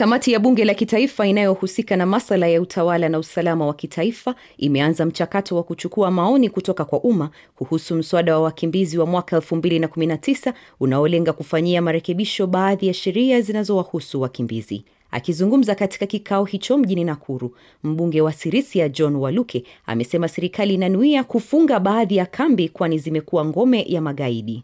Kamati ya bunge la kitaifa inayohusika na masala ya utawala na usalama wa kitaifa imeanza mchakato wa kuchukua maoni kutoka kwa umma kuhusu mswada wa wakimbizi wa mwaka 2019 unaolenga kufanyia marekebisho baadhi ya sheria zinazowahusu wakimbizi. Akizungumza katika kikao hicho mjini Nakuru, mbunge wa Sirisia John Waluke amesema serikali inanuia kufunga baadhi ya kambi kwani zimekuwa ngome ya magaidi.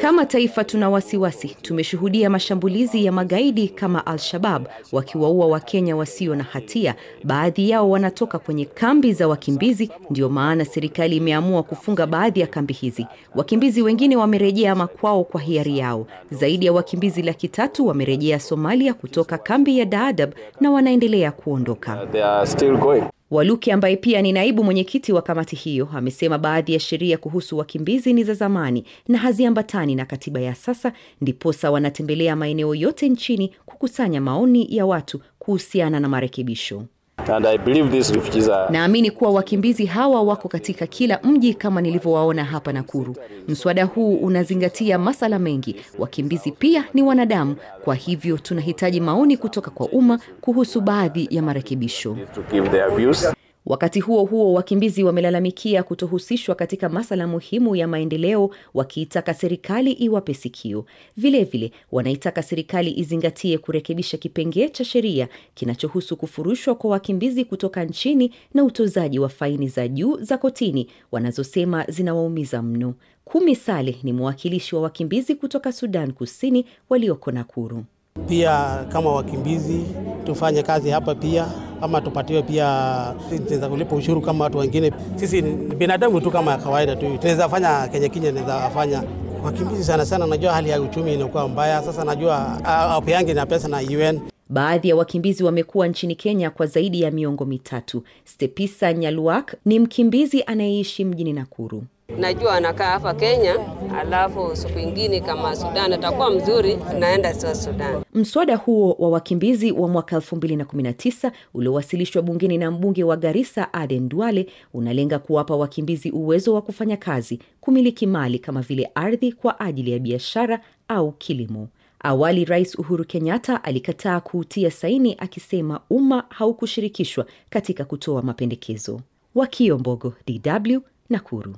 Kama taifa tuna wasiwasi. Tumeshuhudia mashambulizi ya magaidi kama Al-Shabab wakiwaua Wakenya wasio na hatia. Baadhi yao wanatoka kwenye kambi za wakimbizi, ndio maana serikali imeamua kufunga baadhi ya kambi hizi. Wakimbizi wengine wamerejea makwao kwa hiari yao. Zaidi ya wakimbizi laki tatu wamerejea Somalia kutoka kambi ya Dadaab na wanaendelea kuondoka. They are still going. Waluke ambaye pia ni naibu mwenyekiti wa kamati hiyo amesema baadhi ya sheria kuhusu wakimbizi ni za zamani na haziambatani na katiba ya sasa, ndiposa wanatembelea maeneo yote nchini kukusanya maoni ya watu kuhusiana na marekebisho. Naamini kuwa wakimbizi hawa wako katika kila mji kama nilivyowaona hapa Nakuru. Mswada huu unazingatia masala mengi. Wakimbizi pia ni wanadamu, kwa hivyo tunahitaji maoni kutoka kwa umma kuhusu baadhi ya marekebisho. Wakati huo huo, wakimbizi wamelalamikia kutohusishwa katika masala muhimu ya maendeleo, wakiitaka serikali iwape sikio. Vilevile wanaitaka serikali izingatie kurekebisha kipengee cha sheria kinachohusu kufurushwa kwa wakimbizi kutoka nchini na utozaji wa faini za juu za kotini wanazosema zinawaumiza mno. Kumi Saleh ni mwakilishi wa wakimbizi kutoka Sudan Kusini walioko Nakuru. Pia kama wakimbizi tufanye kazi hapa pia ama tupatiwe pia tunaweza kulipa ushuru kama watu wengine. Sisi ni binadamu tu kama kawaida tu, tunaweza fanya kenye kinye, tunaweza fanya wakimbizi sana sana. Najua hali ya uchumi inakuwa mbaya sasa, najua yangi na pesa na UN. Baadhi ya wakimbizi wamekuwa nchini Kenya kwa zaidi ya miongo mitatu. Stepisa Nyaluak ni mkimbizi anayeishi mjini Nakuru. Najua anakaa hapa Kenya, alafu siku ingine kama Sudan atakuwa mzuri, naenda sio Sudan. Mswada huo wa wakimbizi wa mwaka 2019 uliowasilishwa bungeni na mbunge wa Garissa Aden Duale unalenga kuwapa wakimbizi uwezo wa kufanya kazi, kumiliki mali kama vile ardhi kwa ajili ya biashara au kilimo. Awali Rais Uhuru Kenyatta alikataa kuutia saini akisema umma haukushirikishwa katika kutoa mapendekezo. Wakio Mbogo, DW, Nakuru.